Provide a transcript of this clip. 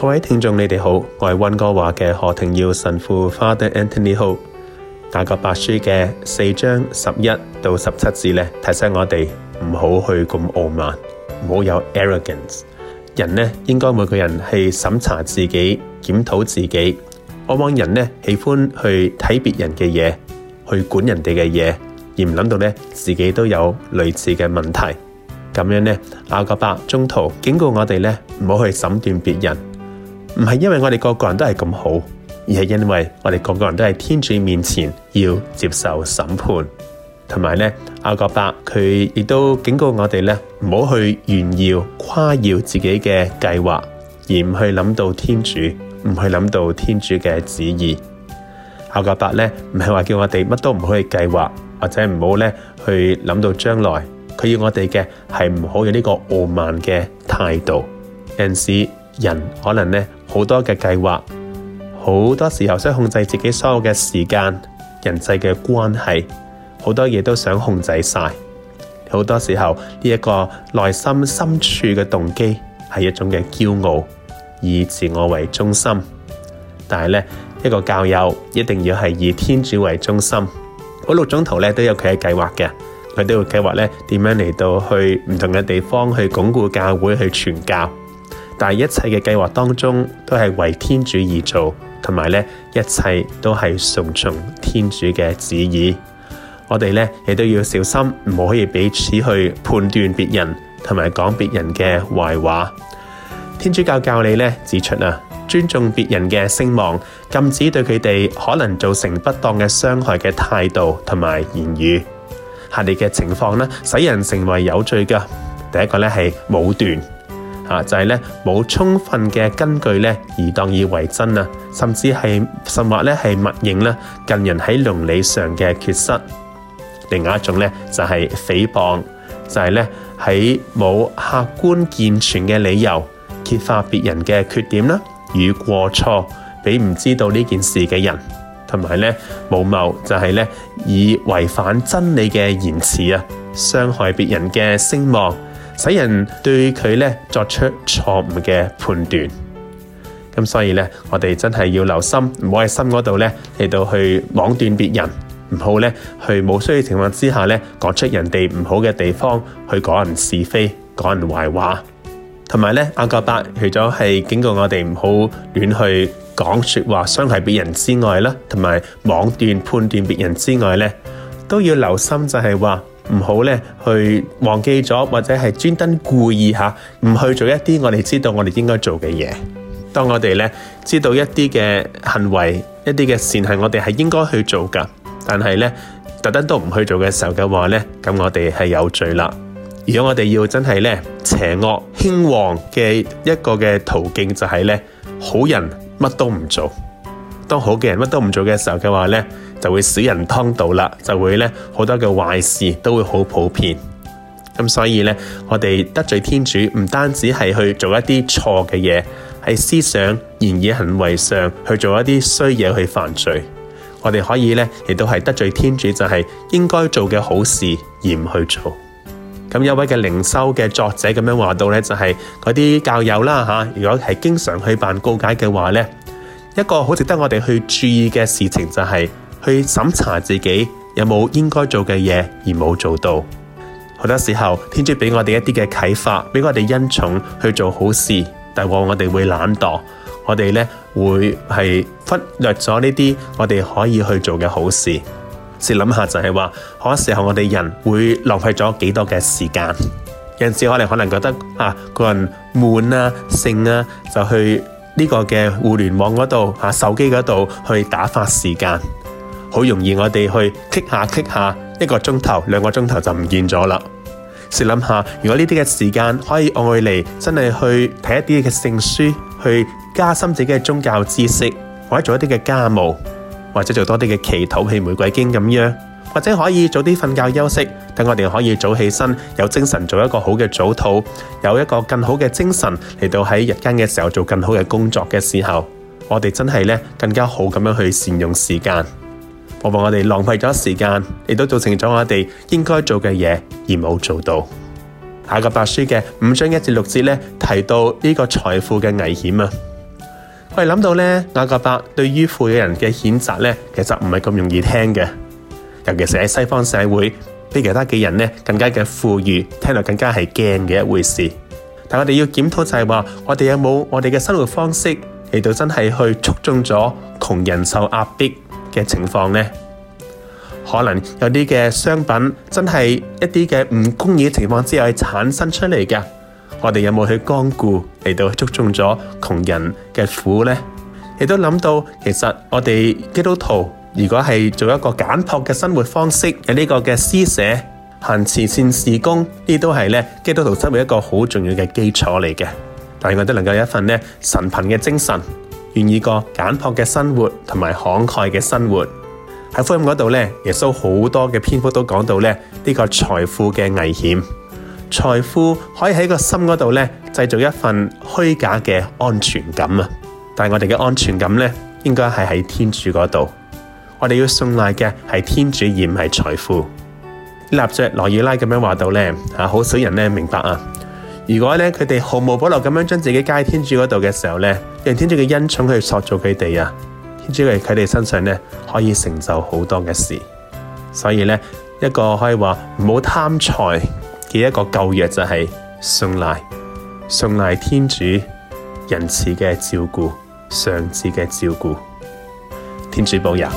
各位聽眾，你哋好，我係溫哥華嘅何庭耀神父 Father Anthony Ho。雅各伯書嘅四章十一到十七節咧，提醒我哋唔好去咁傲慢，唔好有 arrogance。人呢應該每個人去審查自己，檢討自己。往往人呢喜歡去睇別人嘅嘢，去管人哋嘅嘢，而唔諗到呢自己都有類似嘅問題。咁樣呢，雅各伯中途警告我哋呢唔好去審斷別人。唔係因為我哋個個人都係咁好，而係因為我哋個個人都係天主面前要接受審判。同埋呢，雅各伯佢亦都警告我哋咧，唔好去炫耀誇耀自己嘅計劃，而唔去諗到天主，唔去諗到天主嘅旨意。雅各伯呢，唔係話叫我哋乜都唔可以計劃，或者唔好咧去諗到將來。佢要我哋嘅係唔好有呢個傲慢嘅態度，因此人可能呢。好多嘅計劃，好多時候想控制自己所有嘅時間、人際嘅關係，好多嘢都想控制晒。好多時候呢，一個內心深處嘅動機係一種嘅驕傲，以自我為中心。但係呢，一個教友一定要係以天主為中心。嗰六宗徒咧，都有佢嘅計劃嘅，佢都會計劃咧點樣嚟到去唔同嘅地方去鞏固教會去傳教。但一切嘅計劃當中，都係為天主而做，同埋咧，一切都係順從天主嘅旨意。我哋咧亦都要小心，唔可以彼此去判斷別人，同埋講別人嘅壞話。天主教教理咧指出啊，尊重別人嘅聲望，禁止對佢哋可能造成不當嘅傷害嘅態度同埋言語。下列嘅情況呢，使人成為有罪嘅。第一個咧係武斷。啊，就係咧冇充分嘅根據咧而當以為真啊，甚至係甚或咧係默認啦，近人喺倫理上嘅缺失。另外一種咧就係、是、誹謗，就係咧喺冇客觀健全嘅理由揭發別人嘅缺點啦、啊、與過錯，俾唔知道呢件事嘅人，同埋咧誣告就係咧以違反真理嘅言辭啊，傷害別人嘅聲望。使人對佢咧作出錯誤嘅判斷，咁所以咧，我哋真係要留心，唔好喺心嗰度咧嚟到去妄斷別人，唔好咧去冇需要情況之下咧講出人哋唔好嘅地方，去講人是非，講人壞話。同埋咧，雅各伯除咗係警告我哋唔好亂去講説話傷害別人之外啦，同埋妄斷判斷別人之外咧，都要留心就係話。唔好呢去忘記咗或者係專登故意下唔去做一啲我哋知道我哋應該做嘅嘢。當我哋呢知道一啲嘅行為，一啲嘅善行，我哋係應該去做㗎。但係呢，特登都唔去做嘅時候嘅話呢，咁我哋係有罪啦。如果我哋要真係呢，邪惡興旺嘅一個嘅途徑，就係呢：好人乜都唔做。當好嘅人乜都唔做嘅時候嘅話呢，就會小人當道啦，就會呢好多嘅壞事都會好普遍。咁所以呢，我哋得罪天主唔單止係去做一啲錯嘅嘢，係思想、言語、行為上去做一啲衰嘢去犯罪。我哋可以呢，亦都係得罪天主就係應該做嘅好事而唔去做。咁有位嘅靈修嘅作者咁樣話到呢，就係嗰啲教友啦吓，如果係經常去辦告解嘅話呢。一個好值得我哋去注意嘅事情就係去審查自己有冇應該做嘅嘢，而冇做到。好多時候天主俾我哋一啲嘅啟發，俾我哋恩寵去做好事，但往往我哋會懶惰，我哋咧會係忽略咗呢啲我哋可以去做嘅好事。試諗下就係話，好多時候我哋人會浪費咗幾多嘅時間，有陣時我哋可能覺得啊個人悶啊性啊，就去。呢個嘅互聯網嗰度、啊、手機嗰度去打發時間，好容易我哋去 click 下 click 下，一個鐘頭兩個鐘頭就唔見咗啦。試諗下，如果呢啲嘅時間可以愛嚟真係去睇一啲嘅聖書，去加深自己嘅宗教知識，或者做一啲嘅家務，或者做多啲嘅祈禱，譬如玫瑰經咁樣。或者可以早啲瞓覺休息，等我哋可以早起身，有精神做一個好嘅早禱，有一個更好嘅精神嚟到喺日間嘅時候做更好嘅工作嘅時候，我哋真係咧更加好咁樣去善用時間，唔好我哋浪費咗時間，亦都造成咗我哋應該做嘅嘢而冇做到。雅各伯書嘅五章一至六節咧提到呢個財富嘅危險啊，我哋諗到咧雅各伯對於富嘅人嘅譴責咧，其實唔係咁容易聽嘅。尤其是喺西方社會，比其他嘅人咧更加嘅富裕，聽落更加係驚嘅一回事。但我哋要檢討就係話，我哋有冇我哋嘅生活方式嚟到真係去觸中咗窮人受壓迫嘅情況呢？可能有啲嘅商品真係一啲嘅唔公義嘅情況之下係產生出嚟嘅。我哋有冇去光顧嚟到觸中咗窮人嘅苦呢？亦都諗到，其實我哋基督徒。如果係做一個簡樸嘅生活方式，有呢個嘅施捨、行慈善事工，呢都係咧基督徒生活一個好重要嘅基礎嚟嘅。但係我哋都能夠有一份咧神貧嘅精神，願意過簡樸嘅生活同埋慷慨嘅生活。喺福音嗰度咧，耶穌好多嘅篇幅都講到咧呢個財富嘅危險。財富可以喺個心嗰度咧製造一份虛假嘅安全感啊，但係我哋嘅安全感咧應該係喺天主嗰度。我哋要信賴嘅係天主而唔係財富。納爵羅耀拉咁樣話到呢，好少人呢明白啊。如果呢，佢哋毫無保留咁樣將自己交喺天主嗰度嘅時候呢，讓天主嘅恩寵去塑造佢哋啊，天主嚟喺佢哋身上呢，可以成就好多嘅事。所以呢，一個可以話唔好貪財嘅一個救藥就係信賴信賴天主仁慈嘅照顧、上智嘅照顧。天主保佑。